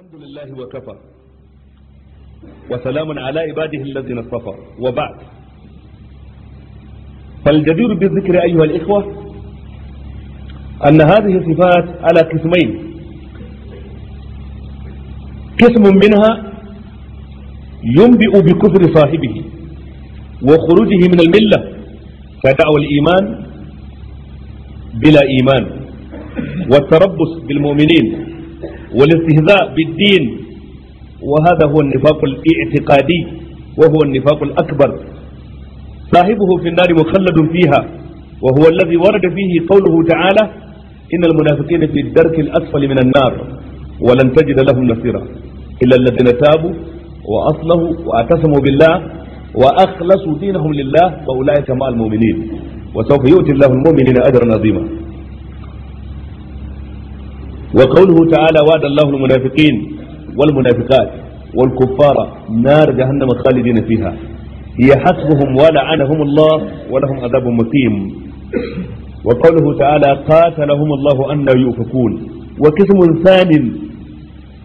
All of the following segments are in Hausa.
الحمد لله وكفى وسلام على عباده الذين اصطفى وبعد فالجدير بالذكر أيها الإخوة أن هذه الصفات على قسمين قسم منها ينبئ بكفر صاحبه وخروجه من الملة فدعوى الإيمان بلا إيمان والتربص بالمؤمنين والاستهزاء بالدين وهذا هو النفاق الاعتقادي وهو النفاق الأكبر صاحبه في النار مخلد فيها وهو الذي ورد فيه قوله تعالى إن المنافقين في الدرك الأسفل من النار ولن تجد لهم نصيرا إلا الذين تابوا وأصلحوا واعتصموا بالله وأخلصوا دينهم لله وأولئك مع المؤمنين وسوف يؤتي الله المؤمنين أجرا عظيما وقوله تعالى وعد الله المنافقين والمنافقات والكفار نار جهنم خالدين فيها هي حسبهم ولعنهم الله ولهم عذاب مقيم وقوله تعالى قاتلهم الله أن يؤفكون وقسم ثان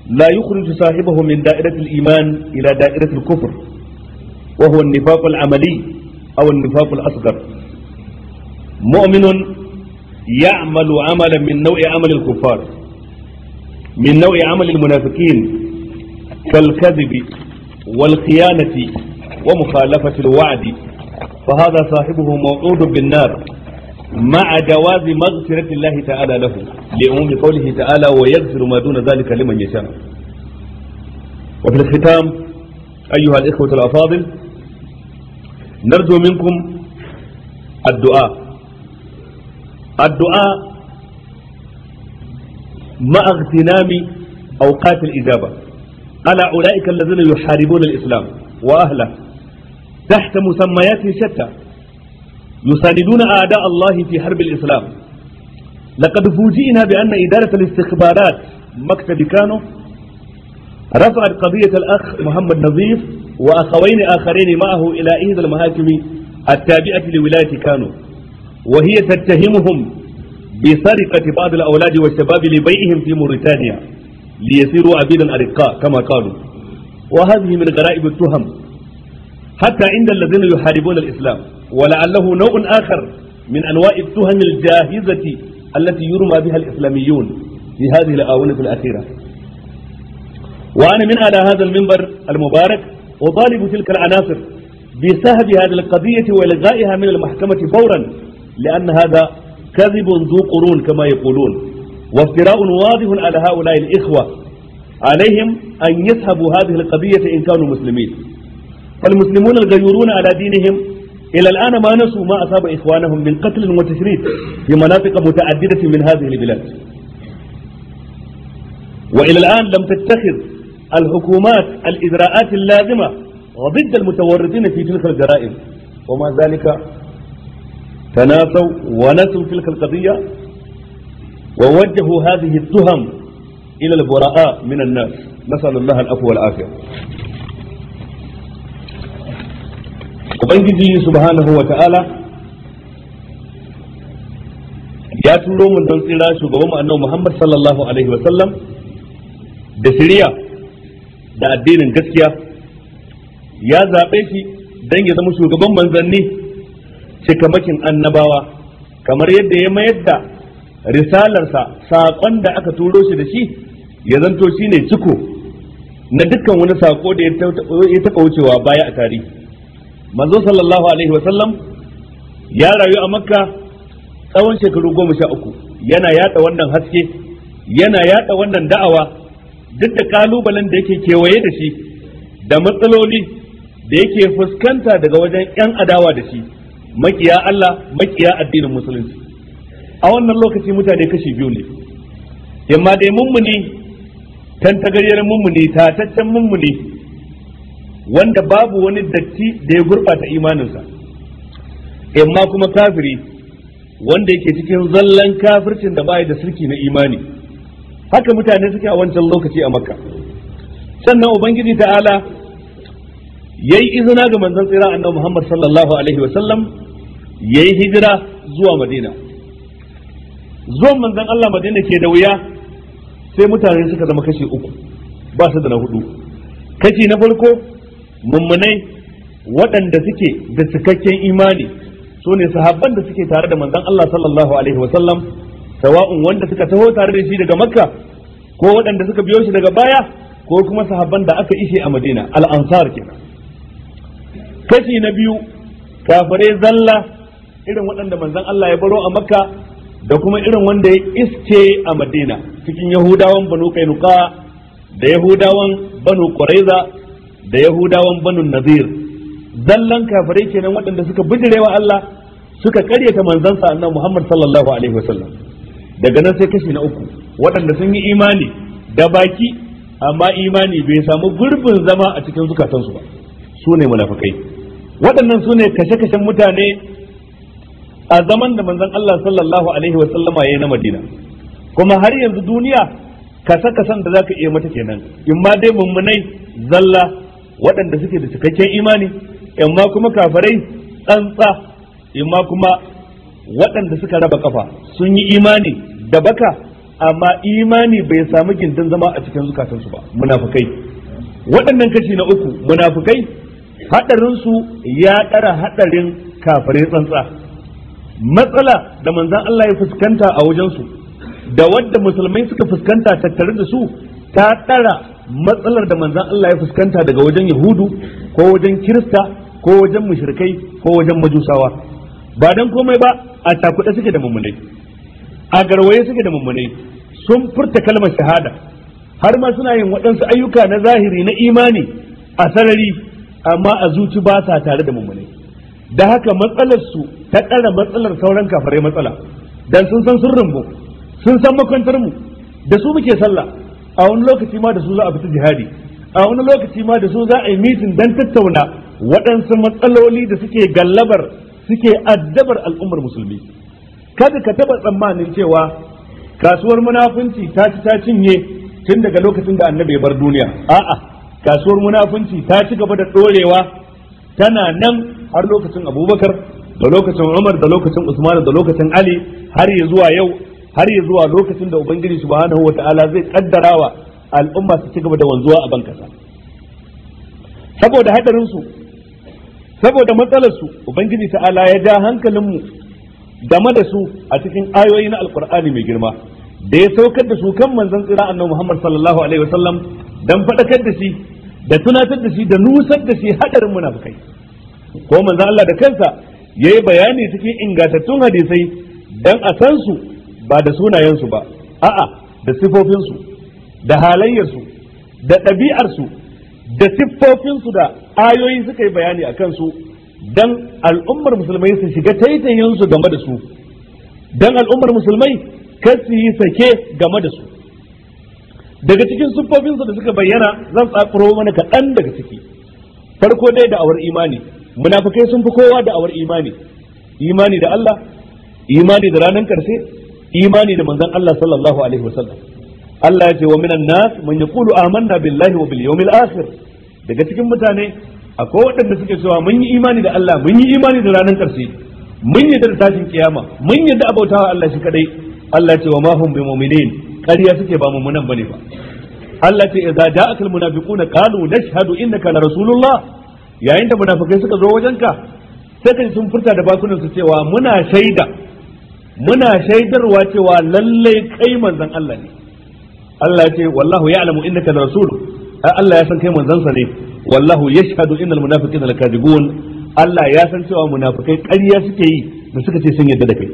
لا يخرج صاحبه من دائرة الإيمان إلى دائرة الكفر وهو النفاق العملي أو النفاق الأصغر مؤمن يعمل عملا من نوع عمل الكفار من نوع عمل المنافقين كالكذب والخيانة ومخالفة الوعد فهذا صاحبه موعود بالنار مع جواز مغفرة الله تعالى له لعموم قوله تعالى ويغفر ما دون ذلك لمن يشاء وفي الختام أيها الإخوة الأفاضل نرجو منكم الدعاء الدعاء مع اغتنام أوقات الإجابة قال أولئك الذين يحاربون الإسلام وأهله تحت مسميات شتى يساندون أعداء الله في حرب الإسلام لقد فوجئنا بأن إدارة الاستخبارات مكتب كانو رفعت قضية الأخ محمد نظيف وأخوين آخرين معه إلى إحدى المحاكم التابعة لولاية كانو وهي تتهمهم بسرقة بعض الأولاد والشباب لبيعهم في موريتانيا ليصيروا عبيدا أرقاء كما قالوا وهذه من غرائب التهم حتى عند الذين يحاربون الإسلام ولعله نوع آخر من أنواع التهم الجاهزة التي يرمى بها الإسلاميون في هذه الآونة الأخيرة وأنا من على هذا المنبر المبارك أطالب تلك العناصر بسهب هذه القضية وإلغائها من المحكمة فورا لأن هذا كذب ذو قرون كما يقولون وافتراء واضح على هؤلاء الإخوة عليهم أن يسحبوا هذه القضية إن كانوا مسلمين فالمسلمون الغيورون على دينهم إلى الآن ما نسوا ما أصاب إخوانهم من قتل وتشريد في مناطق متعددة من هذه البلاد وإلى الآن لم تتخذ الحكومات الإجراءات اللازمة ضد المتورطين في تلك الجرائم وما ذلك تناسوا ونسوا تلك القضية ووجهوا هذه التهم إلى البراء من الناس نسأل الله العفو والعافية Ubangiji subhanahu wa ta'ala ya turo mun tsira shugaban mu annabi Muhammad sallallahu alaihi wa sallam da shiriya da addinin gaskiya ya zaɓe shi don ya zama shugaban manzanni cikamakin annabawa kamar yadda ya mayar da risalarsa saƙon da aka turo shi da shi ya zanto shi ne ciko na dukkan wani saƙo da ya taɓa wucewa baya a tarihi manzo sallallahu alaihi wasallam ya rayu a makka tsawon shekaru goma sha uku yana yada wannan haske yana yada wannan da'awa duk da kalubalen da yake kewaye da shi da matsaloli da yake fuskanta daga wajen 'yan adawa da shi makiya Allah makiya addinin musulunci a wannan lokaci mutane kashi biyu ne yamma dai mummuni tantagaryar mummuni tataccen mummuni wanda babu wani datti da ya gurɓata imaninsa yamma kuma kafiri wanda yake cikin zallan kafircin da baya da sirki na imani haka mutane suke a wancan lokaci a makka sannan ubangiji ta'ala yayi izina ga manzon tsira annabi Muhammad sallallahu alaihi wa sallam Ya yi hijira zuwa madina zuwan manzon Allah madina ke da wuya sai mutane suka zama kashi uku ba su da na hudu kashi na farko mummunai waɗanda suke da cikakken imani su ne sahabban da suke tare da manzan Allah sallallahu alaihi wasallam sawa'un wanda suka taho tare da shi daga makka ko waɗanda suka biyo shi daga baya ko kuma sahabban da aka ishe a madina al-ansar kenan kashi na biyu kafirai zalla irin waɗanda manzan Allah ya baro a makka da kuma irin wanda ya iske a madina cikin yahudawan banu kainuka da yahudawan banu quraiza da yahudawan banu nazir zallan kafirai kenan waɗanda suka bijirewa Allah suka karyata manzansa annabi Muhammad sallallahu alaihi wasallam daga nan sai kashi na uku waɗanda sun yi imani da baki amma imani bai samu gurbin zama a cikin zukatansu ba su ne munafikai waɗannan su ne kashe-kashen mutane a zaman da manzon Allah sallallahu alaihi wa sallama yayin na Madina kuma har yanzu duniya kasa kasan da zaka iya mata kenan in ma dai mummunai zalla waɗanda suke da cikakken imani in ma kuma kafirai tsantsa in ma kuma waɗanda suka raba kafa sun yi imani da baka amma imani bai samu gindin zama a cikin zukatansu ba munafukai waɗannan kashi na uku munafukai haɗarinsu ya ɗara haɗarin kafirai tsantsa matsala da manzan Allah ya fuskanta a wajensu da wadda musulmai suka fuskanta tattare da su ta tsara matsalar da manzan Allah ya fuskanta daga wajen yahudu ko wajen kirista ko wajen mushrikai ko wajen majusawa ba don komai ba a takuɗe suke da mummunai a garwaye suke da mummunai sun furta kalmar shahada har ma suna yin waɗansu ayyuka na zahiri na imani a sarari amma a zuci ba sa tare da mummunai da haka matsalarsu su ta ɗara matsalar sauran kafare matsala dan sun san sirrin mu sun san makwantar mu da su muke sallah a wani lokaci ma da su za a fita jihadi a wani lokaci ma da su za a yi mitin dan tattauna waɗansu matsaloli da suke gallabar suke addabar al'ummar musulmi kada ka taɓa tsammanin cewa kasuwar munafunci ta ci ta cinye tun daga lokacin da annabi ya bar duniya a'a kasuwar munafunci ta ci gaba da ɗorewa tana nan har lokacin abubakar da lokacin umar da lokacin usman da lokacin ali har ya zuwa yau har ya zuwa lokacin da ubangiji subhanahu ta'ala zai kaddarawa al'umma su ci gaba da wanzuwa a bankasa saboda hadarin su saboda matsalar su ubangiji ta'ala ya ja hankalin mu game da su a cikin ayoyi na alqur'ani mai girma da ya saukar da su kan manzon tsira annabi Muhammad sallallahu alaihi wasallam dan fadakar da shi da tunatar da shi da nusar da shi hadarin munafikai ko manzan Allah da kansa ya yi bayani cikin ingantattun hadisai dan a san su ba da sunayensu ba a'a da sifofin da halayyar da ɗabi'arsu da siffofinsu, da ayoyi suka yi bayani akan su dan al'ummar musulmai su shiga taitayen game da su dan al'ummar musulmai kar su yi sake game da su daga cikin siffofinsu da suka bayyana zan tsakuro mana kaɗan daga ciki farko dai da awar imani munafikai sun fi kowa da awar imani imani da Allah imani da ranar karshe imani da manzon Allah sallallahu alaihi wasallam Allah ya ce wa minan nas man yaqulu amanna billahi wa bil yawmil akhir daga cikin mutane akwai waɗanda suke cewa mun yi imani da Allah mun yi imani da ranar karshe mun yi da tashin kiyama mun yi da abautawa Allah shi kadai Allah ce wa ma hum bimu'minin ƙarya suke ba mu'minan bane ba Allah ce idza ja'akal munafiquna qalu nashhadu innaka la rasulullah yayin da munafikai suka zo wajenka sai ka sun furta da bakunan su cewa muna shaida muna shaidarwa cewa lalle kai manzon Allah ne Allah ce wallahu ya'lamu innaka rasul Allah ya san kai sa ne wallahu yashhadu innal munafiqina lakadibun Allah ya san cewa munafikai ƙarya suke yi da suka ce sun yarda da kai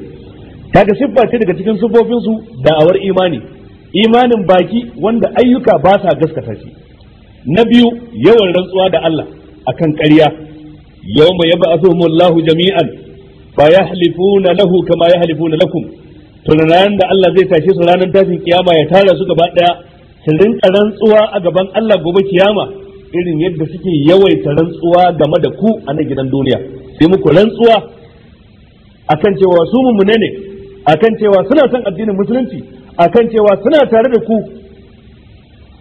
kaga siffa ce daga cikin sufofin su awar imani imanin baki wanda ayyuka ba sa gaskata shi na biyu yawan rantsuwa da Allah akan ƙarya yawma yab'athuhum Allahu jami'an ba halifu na lahu kama ya na lakum tunanayen da Allah zai tashi su ranar tashin kiyama ya tara su gaba ɗaya su rinka rantsuwa a gaban Allah gobe kiyama irin yadda suke yawaita rantsuwa game da ku a nan gidan duniya sai muku rantsuwa akan cewa su ne akan cewa suna son addinin musulunci akan cewa suna tare da ku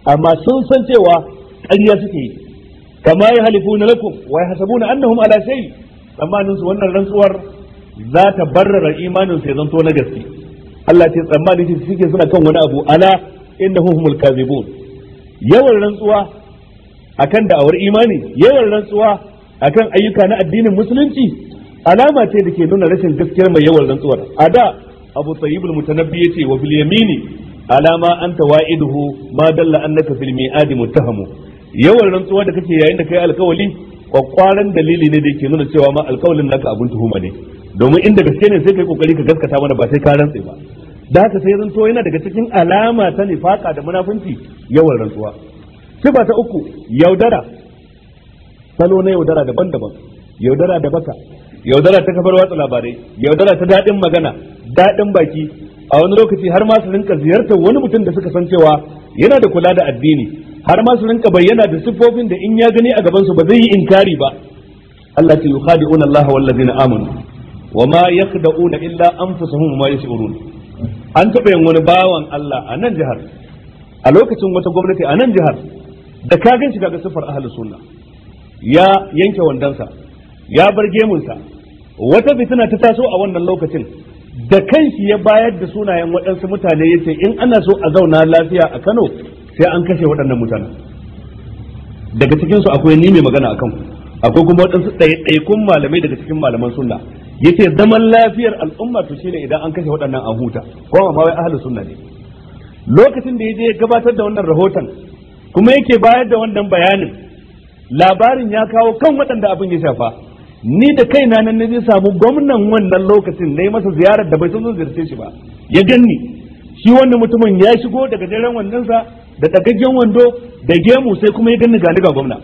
amma sun san cewa ƙarya suke yi kama ya halifu na lakum wa yahsabuna annahum ala shay tsammanin su wannan rantsuwar za ta barrara imanin sai ya zanto na gaske Allah ce tsammanin shi suke suna kan wani abu ala innahum humul kazibun yawan rantsuwa akan da'awar imani yawan rantsuwa akan ayyuka na addinin musulunci alama ce da ke nuna rashin gaskiyar mai yawan rantsuwar a da abu sayyibul mutanabbi yace wa bil yamini alama anta wa'iduhu ma dalla annaka fil mi'adi muttahamu yawan rantsuwa da kake yayin da kai alkawali kwakwaran dalili ne da yake nuna cewa ma alkawalin naka abun tuhuma ne domin inda gaske ne sai kai kokari ka gaskata mana ba sai ka rantse ba da haka sai rantsuwa yana daga cikin alama ta nifaka da munafunci yawan rantsuwa sifa ta uku yaudara salo na yaudara daban-daban yaudara da baka yaudara ta kafar watsa labarai yaudara ta daɗin magana daɗin baki a wani lokaci har ma su rinka ziyartar wani mutum da suka san cewa yana da kula da addini har ma su rinka bayyana da siffofin da in ya gani a gaban su ba zai yi inkari ba Allah ta yukhadi'una Allah wal ladina amanu wama yakhda'una illa anfusuhum ma yash'urun an taɓa yin wani bawan Allah a nan jihar a lokacin wata gwamnati a nan jihar da ka gan shi kaga siffar sunna ya yanke wandansa, ya bar gemunsa wata fitina ta taso a wannan lokacin da kanshi ya bayar da sunayen waɗansu mutane ya in ana so a zauna lafiya a kano sai an kashe waɗannan mutane daga cikinsu akwai ni mai magana akan akwai kuma waɗansu ɗaiɗaikun malamai daga cikin malaman sunna ce zaman lafiyar al'umma to shine idan an kashe waɗannan a huta ko ma wai ahlus sunna ne lokacin da ya yaje ya gabatar da wannan rahoton kuma yake bayar da wannan bayanin labarin ya kawo kan waɗanda abin ya shafa ni da kaina nan na samu gwamnan wannan lokacin na yi masa ziyarar da bai san zan ziyarce shi ba ya ganni shi wannan mutumin ya shigo daga daren wannan sa da ɗagaggen wando da gemu sai kuma ya ganni ga ga gwamna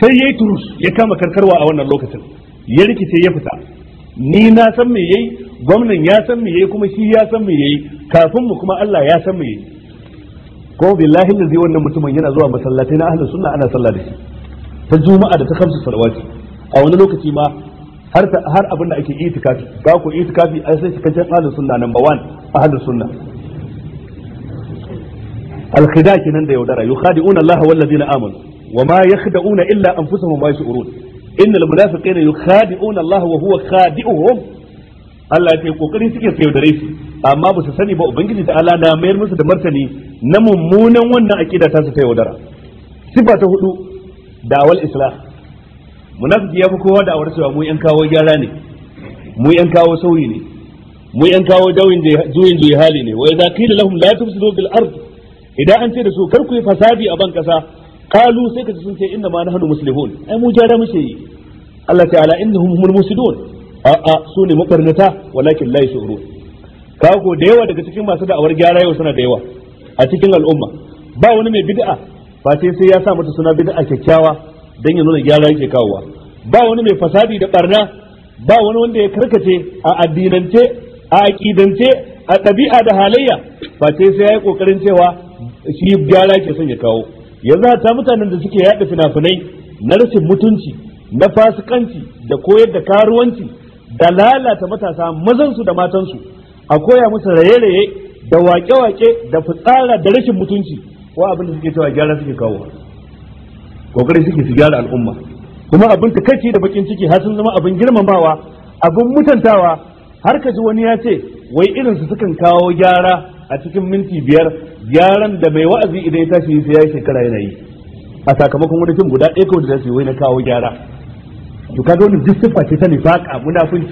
sai yayi turus ya kama karkarwa a wannan lokacin ya rikice ya fita ni na san me yayi gwamnan ya san me yayi kuma shi ya san me yayi kafin mu kuma Allah ya san me yayi ko billahi lazi wannan mutumin yana zuwa masallatai na ahlus sunna ana sallah da shi ta juma'a da ta kamsu salawati a wani lokaci ma har har abin da ake itikafi ba ku itikafi ai sai cikakken ahlus sunna number 1 ahlus sunna alkhida kenan da yaudara yukhadi'una Allah wal ladina amanu wa ma yakhda'una illa anfusahum wa yashurun innal munafiqina yukhadi'una Allah wa huwa khadi'uhum Allah ya ce kokari suke su da su amma ba su sani ba ubangiji ta Allah na mayar musu da martani na mummunan wannan akida ta su ta yaudara sifa ta hudu da'awal islah munafiki ya fi kowa da awar cewa mu yan kawo gyara ne mu yan kawo sauyi ne mu yan kawo dawin juyin hali ne wa idza qila lahum la tufsidu fil ard idan an ce da su kar ku yi fasadi a ban kasa kalu sai ka sun ce inna ma nahnu muslimun ai mu jara muke yi Allah ta'ala innahum humul musidun a a su ne mabarnata walakin la yashurun kago da yawa daga cikin masu da'awar gyara yau suna da yawa a cikin al'umma ba wani mai bid'a ba sai sai ya sa mata suna bid'a kyakkyawa dan ya nuna gyara yake kawowa ba wani mai fasadi da barna ba wani wanda ya karkace a addinance a aƙidance, a ɗabi'a da halayya ba sai sai ya yi kokarin cewa shi gyara ke son ya kawo yanzu ta mutanen da suke yaɗa fina-finai na rashin mutunci na fasikanci da koyar da karuwanci da lalata matasa mazansu da matansu a koya musu raye-raye da wake-wake da fitsara da rashin mutunci ko abin da suke cewa gyara suke kawo kokari suke su gyara al'umma kuma abin ta takaici da bakin ciki har sun zama abin girmamawa abin mutantawa har ka ji wani ya ce wai irinsu sukan kawo gyara a cikin minti biyar gyaran da mai wa'azi idan ya tashi sai ya shekara yana yi a sakamakon wani fim guda ɗaya kawai da zai wai na kawo gyara to kaga wannan duk siffa ce ta nifaqa munafunci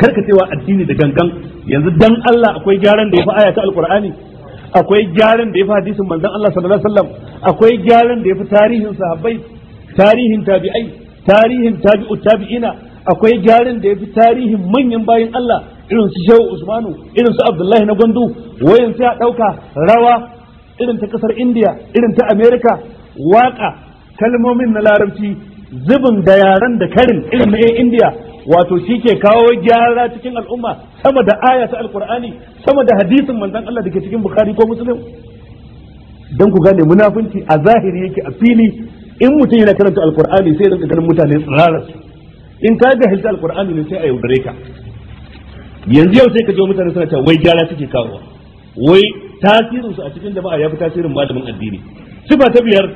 karka cewa addini da gangan yanzu dan Allah akwai gyaran da ya fi aya ta alqur'ani akwai gyaran da ya fi hadisin manzon Allah sallallahu alaihi wasallam akwai gyaran da ya fi tarihin sahabbai tarihin tabi'ai tarihin tabi'u tabi'ina akwai gyaran da ya fi tarihin manyan bayan Allah irin su Shehu Usmanu irin su Abdullahi na Gwandu wayan sai a ɗauka rawa irin ta ƙasar India irin ta America waƙa kalmomin na larabci zubin da yaran da karin irin na India wato shi ke kawo gyara cikin al'umma sama da aya ta alkur'ani sama da hadisin manzon Allah da ke cikin bukhari ko muslim don ku gane munafunci a zahiri yake a fili in mutum yana karanta alkur'ani sai rinka ganin mutane tsirararsu in ka jahilta alqur'ani ne sai a yaudare ka yanzu yau sai ka je mutane suna cewa wai gyara suke kawowa wai tasirin su a cikin jama'a yafi tasirin malamin addini sifa ta biyar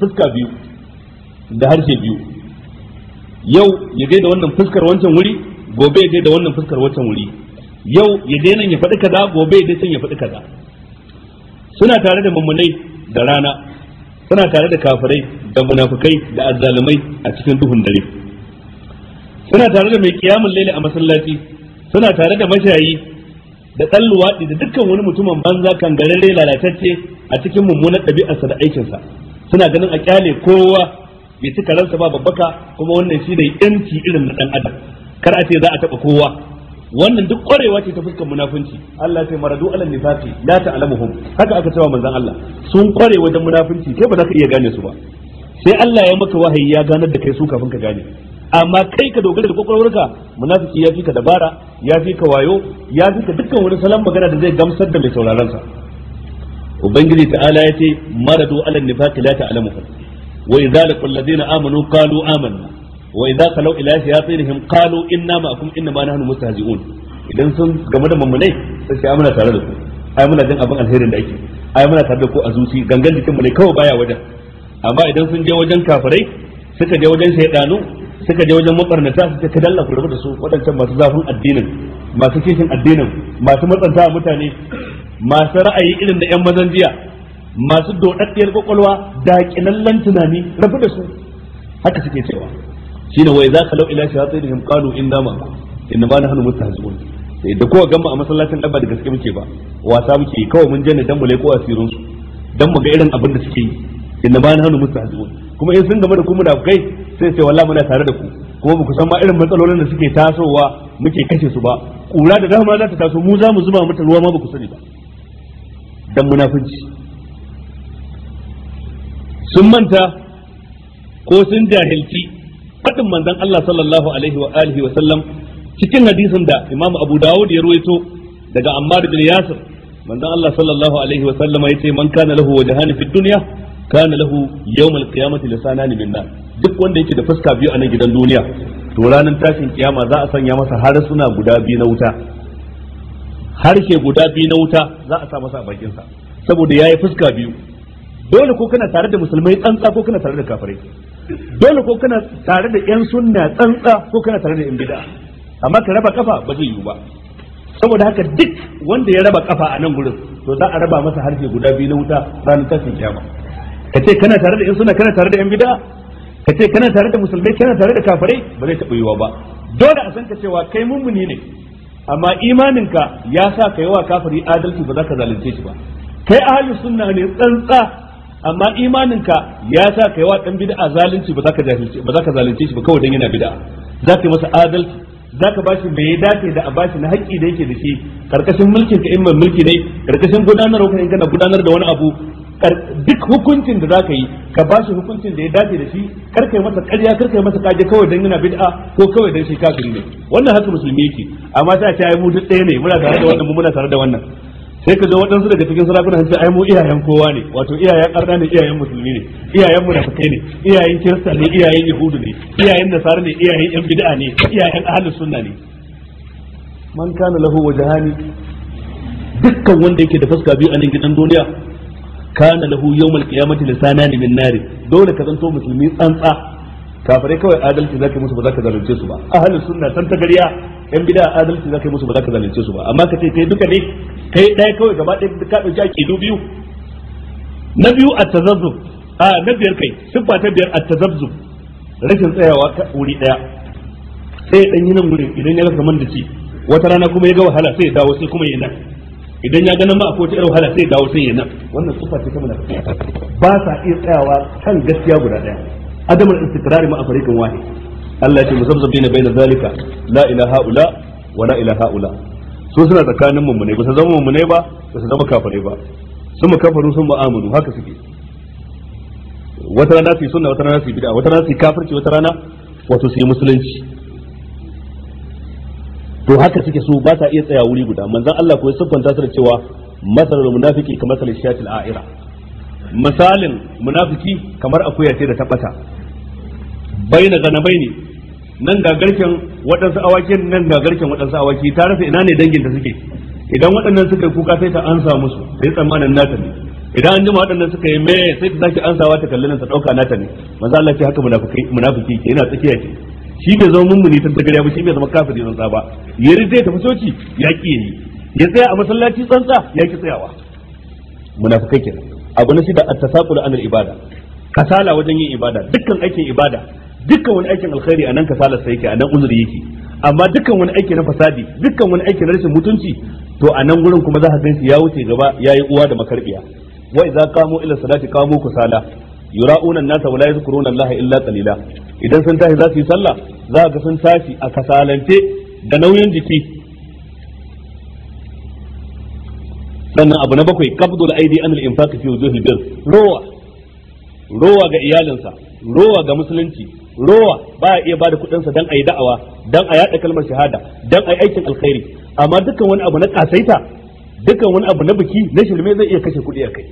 fuska biyu da harshe biyu yau ya gaida wannan fuskar wancan wuri gobe ya gaida wannan fuskar wancan wuri yau ya daina ya faɗi kaza gobe ya daina ya faɗi kaza suna tare da mummunai da rana suna tare da kafirai da munafukai da azzalumai a cikin duhun dare suna tare da mai kiyamun laili a masallaci suna tare da mashayi da ɗan luwaɗi da dukkan wani mutumin banza kan rai lalatacce a cikin mummunan ɗabi'arsa da aikinsa suna ganin a kyale kowa bai cika ransa ba babbaka kuma wannan shi ne yanci irin na ɗan adam kar a ce za a taɓa kowa wannan duk ƙwarewa ce ta fuskar munafunci Allah ce maradu alal nifaqi la ta'lamuhum haka aka cewa manzon Allah sun ƙware wajen munafunci kai ba za ka iya gane su ba sai Allah ya maka wahayi ya ganar da kai su kafin ka gane amma kai ka dogara da kwakwalwarka munafiki ya fi ka dabara ya fi ka wayo ya fi ka dukkan wani salon magana da zai gamsar da mai sauraron sa ubangiji ta'ala ya ce maradu ala nifaqi la ta'lamu wa idza laqul ladina amanu qalu amanna wa idza khalaw ila shayatinihim qalu inna ma'akum inna ma nahnu mustahzi'un idan sun game da mummunai sai sai amana tare da ku ai muna jin abin alherin da ake ai muna tare da ku a zuci gangan jikin mu ne kawai baya wajen amma idan sun je wajen kafirai suka je wajen shaydanu suka je wajen mabarnata su ce ka dalla ku da su waɗancan masu zafin addinin masu kishin addinin masu matsanta mutane masu ra'ayi irin da 'yan mazan jiya masu doɗaɗɗiyar kwakwalwa da kinallan tunani rabu da su haka suke cewa Shi ne wai za ka lau ila shayatinihim qalu inna na inna hannu nahnu mustahzi'un sai da kowa gama a masallacin ba da gaske muke ba wasa muke kawai mun je ne dan mu leko asirin su dan mu ga irin abin da suke yi inna ma nahnu mustahzi'un kuma in sun gama da ku kai sai sai wallahi muna tare da ku kuma ba ku san ma irin matsalolin da suke tasowa muke kashe su ba kura da dama za ta taso mu za mu zuba mata ruwa ma ba ku sani ba dan munafici sun manta ko sun jahilci fadin manzon Allah sallallahu alaihi wa alihi wa sallam cikin hadisin da Imam Abu Dawud ya ruwaito daga Ammar bin Yasir manzon Allah sallallahu alaihi wa sallam yace man kana lahu wajhan fid dunya kana lahu yawmal qiyamati lisanani min nar duk wanda yake da fuska biyu a nan gidan duniya to ranar tashin kiyama za a sanya masa harsuna guda biyu na wuta harshe guda biyu na wuta za a sa masa a bakin sa saboda yayi fuska biyu dole ko kana tare da musulmai tsantsa ko kana tare da kafirai dole ko kana tare da yan sunna tsantsa ko kana tare da yan bid'a amma ka raba kafa ba zai yiwu ba saboda haka duk wanda ya raba kafa a nan gurin to za a raba masa harshe guda biyu na wuta ranar tashin kiyama ka ce kana tare da yan suna kana tare da yan bid'a ka ce kana tare da musulmai kana tare da kafirai ba zai taɓa yiwa ba dole a san ka cewa kai mummuni ne amma imaninka ya sa ka yi wa kafiri adalci ba za ka zalunce shi ba kai ahli sunna ne tsantsa amma imaninka ya sa ka yi wa dan bid'a zalunci ba za ka zalunce ba za ka zalunce shi ba kawai dan yana bid'a za ka yi masa adalci za ka bashi me ya dace da a bashi na haƙƙi da yake da shi karkashin mulkin ka in mai mulki ne karkashin gudanarwa ka in kana gudanar da wani abu duk hukuncin da zaka yi ka bashi hukuncin da ya dace da shi kar kai masa ƙarya kar kai masa kaje kawai dan yana bid'a ko kawai dan shi kafiri ne wannan haka musulmi yake amma ta ce ai mu duk ɗaya ne muna tare da wannan muna tare da wannan sai ka zo waɗansu daga cikin sarakuna sun ce ai mu iyayen kowa ne wato iyayen arna ne iyayen musulmi ne iyayen munafikai ne iyayen kirista ne iyayen yahudu ne iyayen nasara ne iyayen yan bid'a ne iyayen ahlus sunna ne man kana lahu wajhani dukkan wanda yake da fuska biyu a nan gidan duniya kana lahu yawmal qiyamati lisanan min nar dole ka zanto musulmi tsantsa kafirai kawai adalci zaka musu ba zaka zalunce su ba ahlus sunna san ta gariya yan bid'a adalci zaka musu ba zaka zalunce su ba amma ka ce kai duka ne kai ɗaya kawai gaba ɗaya ka dauki akidu biyu na biyu at-tazazzub a na biyar kai siffa ta biyar at-tazazzub rashin tsayawa ka wuri ɗaya sai dan yi nan gurin idan ya rasa man da ci wata rana kuma ya ga wahala sai dawo sai kuma ya nan idan ya ganin ma akwai irin wahala sai dawo sai ya nan wannan sufa ce ta munafiki ba sa iya tsayawa kan gaskiya guda ɗaya. daya adamul istiqrar ma afarikan wahid Allah ya ce musabsabina baina zalika la ilaha illa wa la ilaha illa su suna tsakanin mummune ba su zama mummune ba ba su zama kafare ba sun mu kafaru sun mu amanu haka suke wata rana su yi sunna wata rana su yi bid'a wata rana su yi kafirci wata rana wato su yi musulunci to haka suke so ba sa iya tsaya wuri guda manzon Allah ko ya siffanta su da cewa masalul munafiki kamar salis shatil a'ira misalin munafiki kamar akuya ce da tabbata baina gana baini nan ga garken waɗansu awakin nan ga garken waɗansu awaki ta rasa ina ne danginta suke idan waɗannan suka kuka sai ta ansa musu sai tsammanin nata ne idan an jima waɗannan suka yi me sai ta sake ansawa ta kallon ta ɗauka nata ne maza Allah ce haka munafiki munafiki ke yana tsakiya ce shi bai zama mummuni ta tagariya ba shi bai zama kafiri tsantsa ba yari zai tafi soci ya ki yi ya tsaya a masallaci tsantsa ya ki tsayawa munafikai kenan abu na shida at-tasaqul anil ibada kasala wajen yin ibada dukkan aikin ibada dukkan wani aikin alkhairi anan kasala sa yake anan uzuri yake amma dukkan wani aiki na fasadi dukkan wani aikin na rashin mutunci to a nan gurin kuma za ka ya wuce gaba yayi uwa da makarbiya wa idza qamu ila salati qamu kusala yura'una an-nasa wa la yadhkuruna Allah illa qalila idan sun tashi za su yi sallah za ga sun tashi a kasalance da nauyin jiki sannan abu na bakwai qabdul aidi anil infaq fi wujuhil bir rowa rowa ga iyalinsa rowa ga musulunci rowa ba iya bada kudinsa dan ayi da'awa dan a yada kalmar shahada dan ayi aikin alkhairi amma dukkan wani abu na kasaita dukkan wani abu na biki na shirme zai iya kashe kudi a kai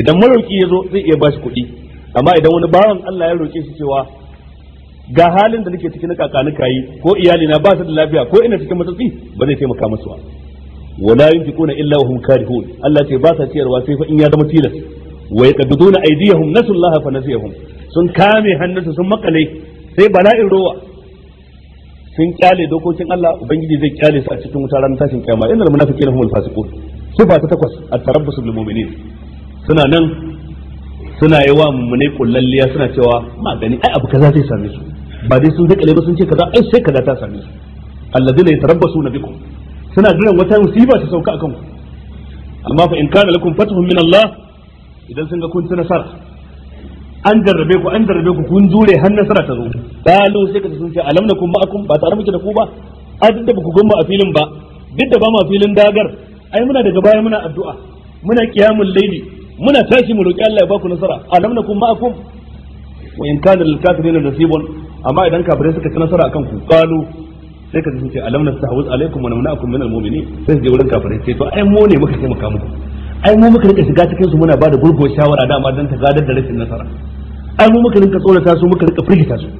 idan marauki ya zo zai iya bashi kuɗi amma idan wani bawan Allah ya roke shi cewa ga halin da nake ciki na kakanuka yi ko iyali na ba su da lafiya ko ina cikin matsatsi ba zai taimaka musu ba wala yunfiquna illa wa hum karihun Allah ce ba sa ciyarwa sai fa in ya zama tilas wa yaqbiduna aydiyahum nasullaha fa nasiyahum sun kame hannunsu sun makale sai bala'in rowa sun kyale dokokin Allah ubangiji zai kyale su a cikin wuta ranar tashin kiyama innal munafiqina humul fasiqun sifa ta takwas at-tarabbus bil mu'minin suna nan suna yi wa mummunai kullalliya suna cewa magani ai abu kaza zai same su ba dai sun dakale ba sun ce kaza ai sai kaza ta same su alladheena yatarabbasu bikum suna jiran wata musiba ta sauka akan ku amma fa in kana lakum fathun min Allah idan sun ga kun ci nasara an jarrabe ku an jarrabe ku kun jure har nasara ta zo qalu sai ka sun ce alam nakum ma'akum ba tare muke da ku ba a duk da ku gumma a filin ba duk da ba ma filin dagar ai muna daga baya muna addu'a muna qiyamul layli muna tashi mu roki Allah ya baku nasara alam nakum ma'akum wa in kana lil kafirin nasibun amma idan kafirai suka ci nasara akan ku qalu sai ka ji sun ce alam nastahwiz alaikum wa namna'akum min almu'minin sai su je wurin kafirai sai to ai mu ne muka taimaka muku ai mu muka rika shiga cikin su muna da gurgo shawara dama dan ta gadar da rashin nasara ai mu muka rinka tsorata su muka rinka firgita su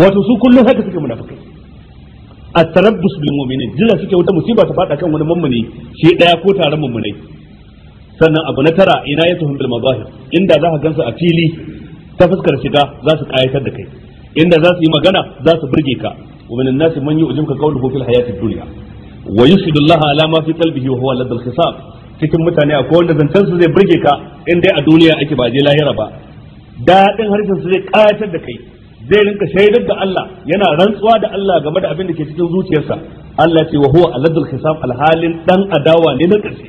wato su kullum haka suke munafikai at-tarabbus bil mu'minin jira suke wata musiba ta fada kan wani mummuni shi daya ko taron mummunai sannan abu na tara ina ya tuhum bil mazahir inda za ka gansu a fili ta fuskar shiga za su kayatar da kai inda za su yi magana za su burge ka wa min an-nas man ka qawluhu fil hayati dunya wa yushhidu Allah ala ma fi qalbihi wa huwa ladal khisab cikin mutane akwai wanda zancen su zai burge ka in dai a duniya ake ba je lahira ba daɗin harshen su zai kayatar da kai zai rinka shaidar da Allah yana rantsuwa da Allah game da abin da ke cikin zuciyarsa Allah ce wa huwa aladul hisab alhalin dan adawa ne na ƙarshe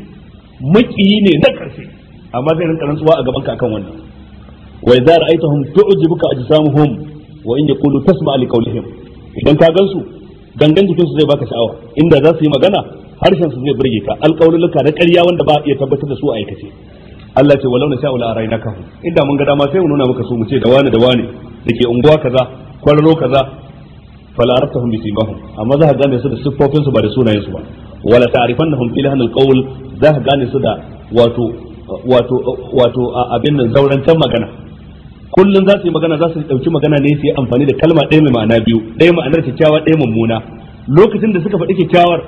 makiyi ne na ƙarfi amma zai rinka rantsuwa a gaban ka akan wannan wa idza ra'aytahum tu'jibuka ajsamuhum wa in yaqulu tasma' liqawlihim idan ka gansu gangan jikin su zai baka sha'awa inda za su yi magana harshen su zai burge ka alƙawluluka na ƙarya wanda ba iya tabbatar da su a aikace Allah ce walau na sha'u la arainaka inda mun ga dama sai mu nuna maka su mu ce da wani da wani dake unguwa kaza kwararo kaza fala bi bisimahum amma za ka gane su da siffofin su ba da sunayen su ba wala ta'rifannahum fi lahnil qawl za ka gane su da wato wato wato abin nan magana kullun za su yi magana za su dauki magana ne su yi amfani da kalma ɗaya mai ma'ana biyu ɗaya ma'anar kyakkyawa ɗaya mummuna lokacin da suka faɗi kyakkyawar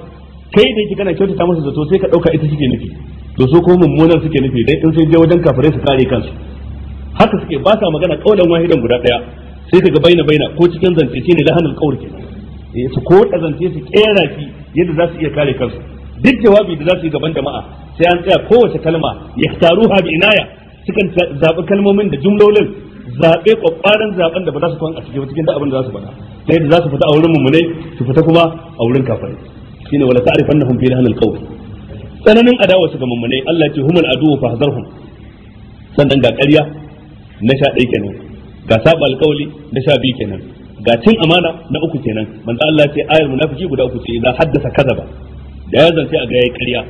kai da yake kana kyautata masa zato sai ka ɗauka ita suke nufi to su ko mummunan suke nufi dai in sai je wajen kafare su kare kansu haka suke ba sa magana kaulan wahidan guda daya sai kaga baina baina ko cikin zance shine lahanul qawl ke eh, su ko zance su kera shi yadda za su iya kare kansu duk jawabi da za su yi gaban jama'a sai an tsaya kowace kalma yahtaruha bi inaya sukan zaɓi kalmomin da jumlolin zaɓe ƙwaƙwaran zaɓen da ba za su kwan a cikin cikin da abin da za su faɗa ta yadda za su fita a wurin mummunai su fita kuma a wurin kafirai shine wala ta'rifan nahum na hannun qawl tsananin adawa su ga mummunai Allah ya ce humul aduwwu fahzarhum sannan ga ƙarya na sha ɗaya kenan ga saba alƙawli na sha biyu kenan ga cin amana na uku kenan manzo Allah ce ayar munafiki guda uku ce idan haddasa kazaba da ya zance a ga yayi ƙarya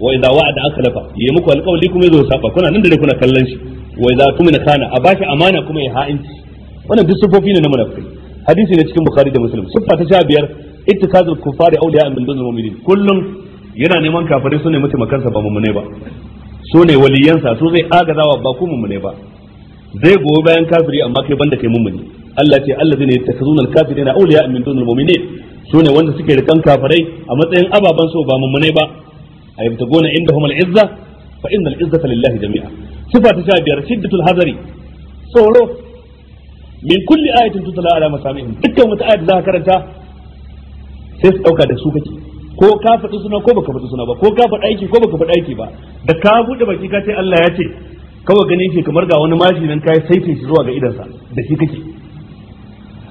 wa idza wa'ada akhlafa yayi muku alƙawli kuma yazo saba kuna nan da kuna kallon shi wa idza tumina kana a bashi amana kuma ya ha'inci wannan duk sufofi ne na munafiki hadisi ne cikin bukhari da muslim sufa ta sha biyar ittikazul kufari awliya min dunul mu'minin kullum yana neman kafare su ne mutumakansa ba mummune ba su ne waliyansa su zai agazawa ba ku mummune ba zai goyi bayan kafiri amma kai banda kai mummune Allah ce Allah ne allazina yattakhizuna al na awliya min dunil mu'minin ne wanda suke rikan kafirai a matsayin ababan so ba mummunai ba A gona indahum al-izza fa innal izzata lillahi jami'a sifa ta biyar shiddatul hazari tsoro min kulli ayatin tutla ala masamihim dukkan wata ayat za ka karanta sai su dauka da su kake ko ka faɗi suna ko baka faɗi suna ba ko ka faɗi aiki ko baka faɗi aiki ba da ka buɗe baki ka ce Allah ya ce kawai gani ke kamar ga wani mashi nan kai saita shi zuwa ga idansa da shi kake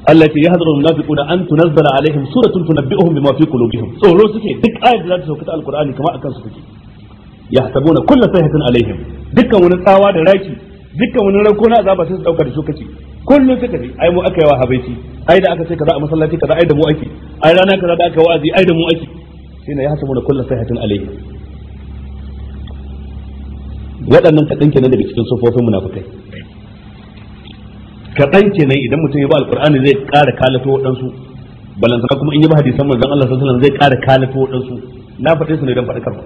Allah ya hadar munafiquna an tunazzala alaihim suratun tunabbi'uhum bima fi qulubihim tsoro suke duk ayat da za ta sauka ta alqur'ani kamar akan su take yahsabuna kullu sayhatin alaihim dukkan wani tsawa da raki dukkan wani ranko na azaba sai da su kace kullun suka ai mu aka yi wa habaici ai aka ce kaza a masallaci kaza ai da mu ake ai kaza da aka wa'azi da mu sai na waɗannan kaɗan kenan daga cikin sufofin munafikai kaɗan nan idan mutum ya ba alkur'ani zai ƙara kalato waɗansu balantana kuma in yi ba hadisan manzon Allah sallallahu alaihi zai ƙara kalato waɗansu na faɗe su ne don faɗi ba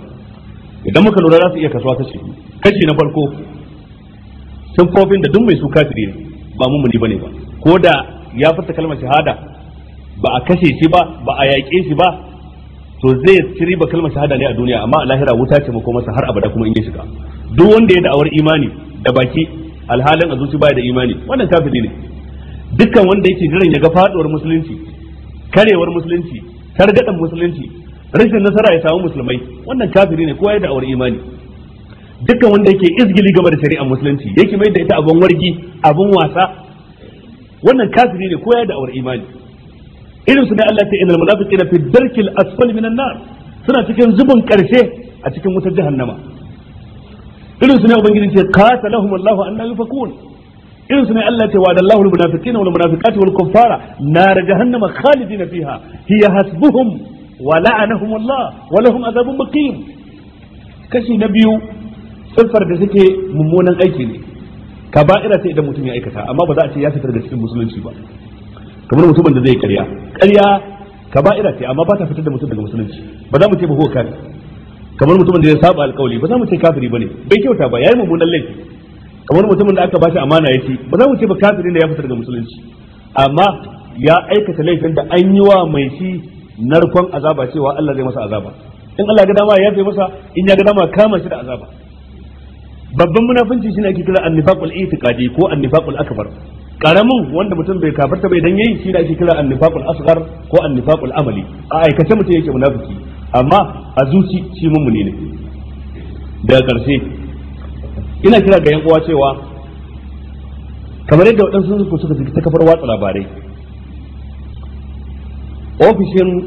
idan muka lura za su iya kasuwa kashi kashi na farko sun kofin da duk mai su kafiri ne ba mu bane ba ko da ya fasa kalmar shahada ba a kashe shi ba ba a yaƙe shi ba to zai tsiri ba kalmar shahada ne a duniya amma a lahira wuta ce mako masa har abada kuma in ya shiga duk wanda ya da'awar imani da baki alhalin a zuci baya da imani wannan kafiri ne dukkan wanda yake jiran ya ga faduwar musulunci karewar musulunci targadan musulunci rashin nasara ya samu musulmai wannan kafiri ne kowa ya da'awar imani dukkan wanda yake izgili game da shari'ar musulunci yake mai da ita abun wargi abun wasa wannan kafiri ne kowa ya da'awar imani irin su ne Allah ta inal munafiqina fi darkil asfal minan nar suna cikin zubin karshe a cikin wutar jahannama irin su ne ubangiji ce qatalahum Allah anna yufakun irin su ne Allah ce wa dallahu almunafiqina wal munafiqati wal kuffara nar jahannama khalidina fiha hiya hasbuhum wa la'anahum Allah wa lahum adhabun muqim kashi na biyu siffar da suke mummunan aiki ne Ka kaba'ira sai idan mutum ya aikata amma ba za a ce ya fitar da cikin musulunci ba kamar mutumin da zai karya karya kaba'ira ce amma ba ta fitar da mutum daga musulunci ba za mu ce ba ko kafir kamar mutumin da ya saba alkawali ba za mu ce kafiri bane bai kyauta ba yayi mummunan laifi kamar mutumin da aka bashi amana ya ce ba za mu ce ba kafiri ne ya fitar da musulunci amma ya aikata laifin da an yi wa mai shi narkon azaba cewa Allah zai masa azaba in Allah ga dama ya fi masa in ya ga dama kama shi da azaba babban munafunci shine ake kira annifaqul itiqadi ko annifaqul akbar karamin wanda mutum bai kafarta bai dan yayi shi da ake kira annifaqul asghar ko annifaqul amali a aikace mutum yake munafiki amma a zuci shi mummuni ne daga ƙarshe ina kira ga yan uwa cewa kamar yadda waɗansu suka suka ta kafar watsa labarai ofishin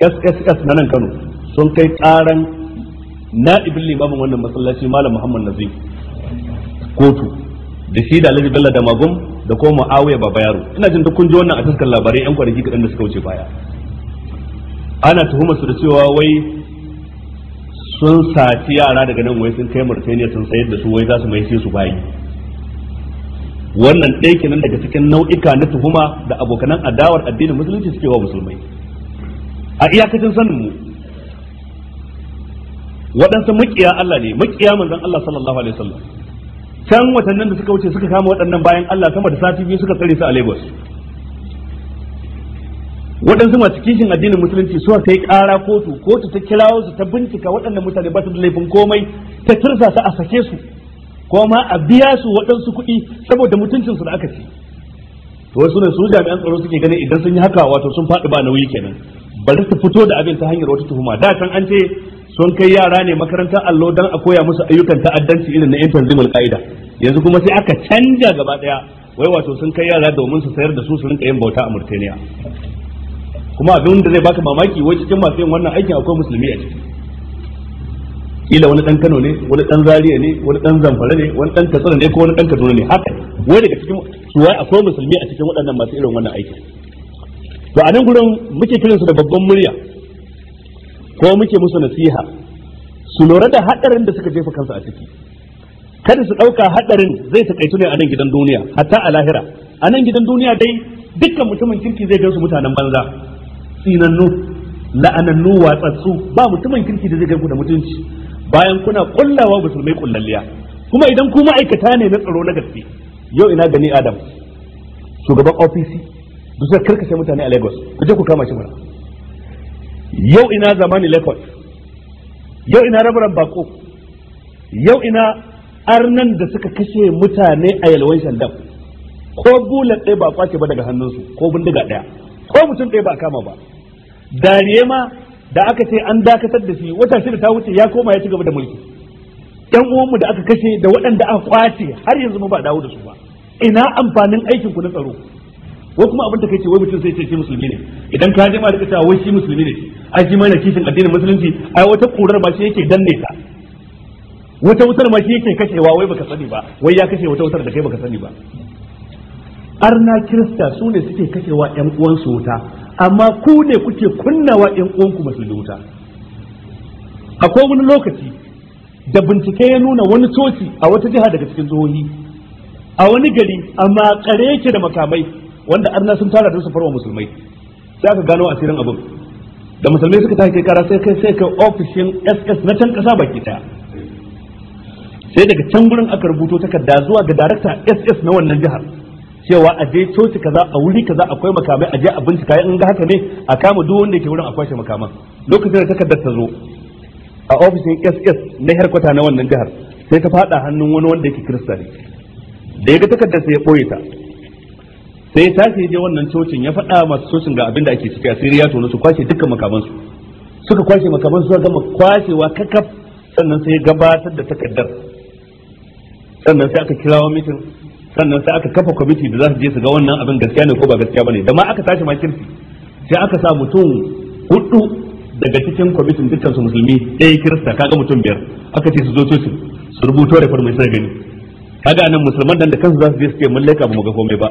sss na nan kano sun kai ƙaran na'ibin limamin wannan masallaci malam muhammad nazir kotu da shi da alhaji bello da magum da kuma muawiya baba yaro ina jin duk kun ji wannan a taskar labarai yan kwanaki kaɗan da suka wuce baya ana tuhumar su da cewa wai sun saci yara daga nan wai sun kai martaniya sun sayar da su wai za su mai sai su bayi wannan ɗaya kenan daga cikin nau'ika na tuhuma da abokanan adawar addinin musulunci suke wa musulmai a iyakacin sanin mu waɗansu makiya Allah ne makiya manzon Allah sallallahu alaihi wasallam can watannin da suka wuce suka kama waɗannan bayan Allah sama da sati biyu suka tsare su a Lagos waɗansu masu kishin addinin musulunci suwa ta yi ƙara kotu kotu ta kirawo su ta bincika waɗannan mutane ba su da laifin komai ta tursa su a sake su ko ma a biya su waɗansu kuɗi saboda mutuncinsu da aka ci to wasu ne su jami'an tsaro suke ganin idan sun yi haka wato sun faɗi ba nauyi kenan bari su fito da abin ta hanyar wata tuhuma da can an ce sun kai yara ne makarantar allo don a koya musu ayyukan ta'addanci irin na 'yan tanzimul ka'ida yanzu kuma sai aka canja gaba ɗaya wai wato sun kai yara domin su sayar da su su rinka yin bauta a murtaniya kuma abin da zai baka mamaki wai cikin masu yin wannan aikin akwai musulmi a ciki kila wani dan Kano ne wani dan Zaria ne wani dan Zamfara ne wani dan Katsina ne ko wani dan Kaduna ne haka wai daga cikin suwai akwai musulmi a cikin waɗannan masu irin wannan aikin to a nan gurin muke kiran su da babban murya ko muke musu nasiha su lura da hadarin da suka jefa kansu a ciki kada su ɗauka hadarin zai takaitu ne a nan gidan duniya hatta a lahira a nan gidan duniya dai dukkan mutumin kirki zai gansu mutanen banza tsinannu la'anannu watsatsu ba mutumin kirki da zai kai ku da mutunci bayan kuna kullawa musulmai kullalliya kuma idan ku ma'aikata ne na tsaro na gaske yau ina gani adam shugaban ofisi duk sai karkashe mutane a lagos ku je ku kama shi mana yau ina zamani lagos yau ina rabaran bako yau ina arnan da suka kashe mutane a yalwan shandam ko bulan ɗaya ba kwace ba daga hannunsu ko bindiga ɗaya ko mutum ɗaya ba kama ba dariye ma da aka ce an dakatar da shi wata shida ta wuce ya koma ya ci gaba da mulki yan uwanmu da aka kashe da waɗanda aka kwace har yanzu mu ba dawo da su ba ina amfanin aikin ku na tsaro wai kuma abin da kai ce wai mutum sai ce shi musulmi ne idan ka je ma da cewa wai shi musulmi ne ai shi ma kishin addinin musulunci ai wata kurar ma shi yake danne ta wata wutar ma shi yake kashewa wai baka sani ba wai ya kashe wata wutar da kai baka sani ba arna kirista su ne suke kashewa yan uwansu wuta amma ku ne kuke kunnawa in uwanku musulmi wuta akwai wani lokaci da bincike ya nuna wani coci a wata jiha daga cikin jihohi a wani gari amma kare yake da makamai wanda arna sun tara don su farwa musulmai sai aka gano asirin abin da musulmai suka take kara sai kai sai kai ofishin SS na can kasa baki ta sai daga can gurin aka rubuto takarda zuwa ga darakta SS na wannan jihar cewa a je coci kaza a wuri kaza akwai makamai a je a bincika in ga haka ne a kama duk wanda ke wurin akwai shi makaman lokacin da takardar ta zo a ofishin SS na harkwata na wannan jihar sai ta fada hannun wani wanda yake kirista ne da ya ga takardar sai ya boye ta sai ta ce je wannan cocin ya faɗa masu cocin ga abin da ake ciki a ya tono su kwashe dukkan makamansu suka kwashe makamansu suka gama kwashewa kakaf sannan sai gabatar da takardar sannan sai aka kirawo mitin sannan sai aka kafa kwamiti da za su je su ga wannan abin gaskiya ne ko ba gaskiya bane da ma aka tashi ma kirki sai aka sa mutum hudu daga cikin kwamitin dukkan su musulmi ɗaya kirista kaga mutum biyar aka ce su zo su su rubuto da farmai sai gani kaga nan musulman dan da kansu za su je su ce mun laika ba mu ga komai ba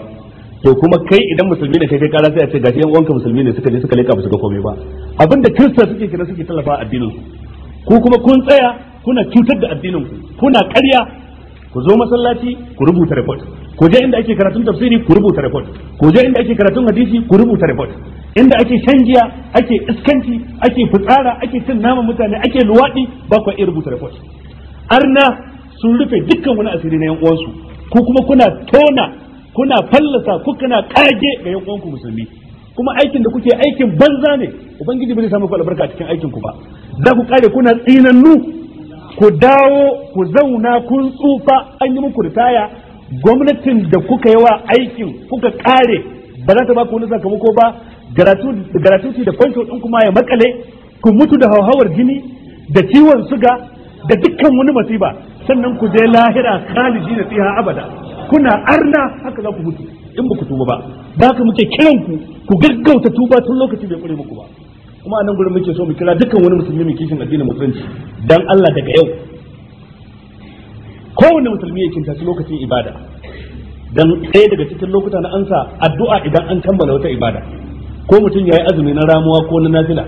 to kuma kai idan musulmi ne kai kai kara sai a ce gashi yan uwanka musulmi ne suka je suka laika ba su ga komai ba abinda kirista suke kira suke tallafa addinin ku kuma kun tsaya kuna cutar da addinin ku kuna ƙarya ku zo masallaci ku rubuta report ku je inda ake karatun tafsiri ku rubuta report ku je inda ake karatun hadisi ku rubuta report inda ake shan giya ake iskanci ake fitsara ake cin naman mutane ake luwaɗi ba ku iya rubuta report arna sun rufe dukkan wani asiri na yan uwansu ku kuma kuna tona kuna fallasa ku kana kage ga yan uwanku musulmi kuma aikin da kuke aikin banza ne ubangiji bai samu ku albarka cikin aikin ku ba Da ku kare kuna tsinannu ku dawo ku zauna kun tsufa an yi muku ritaya gwamnatin da kuka yi wa aikin kuka kare ba za ta ba ku wani sakamako ba garatuti da kwanto ɗin kuma ya makale ku mutu da hauhawar jini da ciwon suga da dukkan wani masiba sannan ku je lahira khalidi da tsiha abada kuna arna haka za ku mutu in ba ku tuba ba ba ka muke kiran ku ku gaggauta tuba tun lokaci bai kure muku ba kuma a nan gurin muke so mu kira dukkan wani musulmi mai kishin addinin musulunci dan Allah daga yau kowane musulmi ya kinta su lokacin ibada dan sai daga cikin lokuta na ansa addu'a idan an kammala wata ibada ko mutum yayi azumi na ramuwa ko na nafila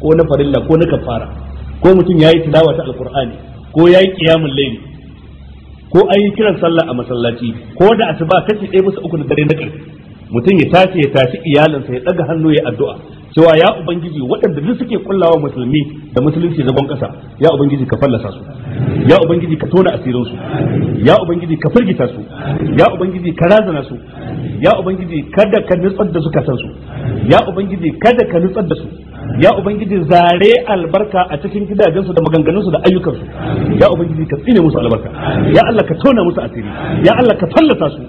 ko na farilla ko na kafara ko mutum yayi tilawa ta alqur'ani ko yayi qiyamul layl ko ayi kiran sallah a masallaci ko da asuba kace ɗaya musu uku na dare na ƙarfi mutum ya tashi ya tashi iyalinsa ya ɗaga hannu ya addu'a cewa ya ubangiji waɗanda duk suke kullawa musulmi da musulunci zagon ƙasa ya ubangiji ka fallasa su ya ubangiji ka tona asirin su ya ubangiji ka firgita su ya ubangiji ka razana su ya ubangiji kada ka nutsar da su kasan su ya ubangiji kada ka nutsar da su ya ubangiji zare albarka a cikin gidajensu da maganganunsu da ayyukansu ya ubangiji ka tsine musu albarka ya Allah ka tona musu asiri ya Allah ka fallasa su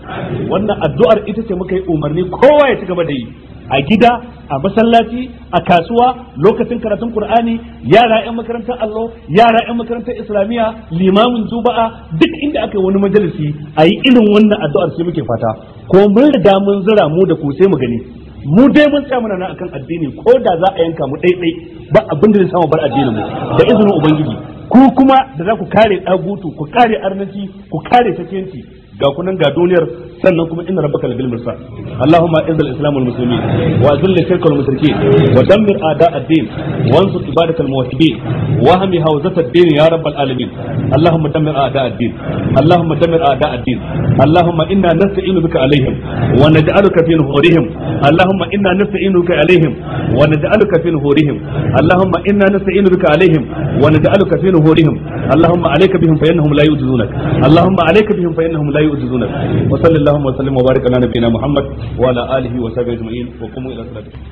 wannan addu'ar ita ce muka yi umarni kowa ya ci gaba da yi a gida a masallaci a kasuwa lokacin karatun qur'ani yara yan makarantar allo yara yan makarantar islamiyya limamin zuba'a, duk inda aka yi wani majalisi a yi irin wannan addu'ar sai muke fata ko mun riga mun zura mu da ku sai mu gani mu dai mun tsaya muna akan addini ko da za a yanka mu ɗaiɗai ba abin da zai samu bar addinin mu da izinin ubangiji ku kuma da za ku kare dagutu ku kare arnaci ku kare sakenci ga kunan ga duniyar sannan kuma inna rabbaka labil mursal allahumma izzil islam wal muslimin wa azil shirka wal mushrikin wa dammir a'da ad-din ibadak al muwahhidin wa hami hawzat ad-din ya alamin allahumma dammir a'da ad-din allahumma dammir a'da ad-din allahumma inna nasta'inu bika alaihim wa naj'aluka fi nuhurihim allahumma inna alaihim wa naj'aluka fi nuhurihim allahumma inna nasta'inu bika alaihim wa naj'aluka fi nuhurihim allahumma alayka bihim fa innahum la allahumma alayka bihim fa innahum la yubzuna wa sallallahu wa sallam wa baraka ala nabiyyina muhammad wa alihi wa sahbihi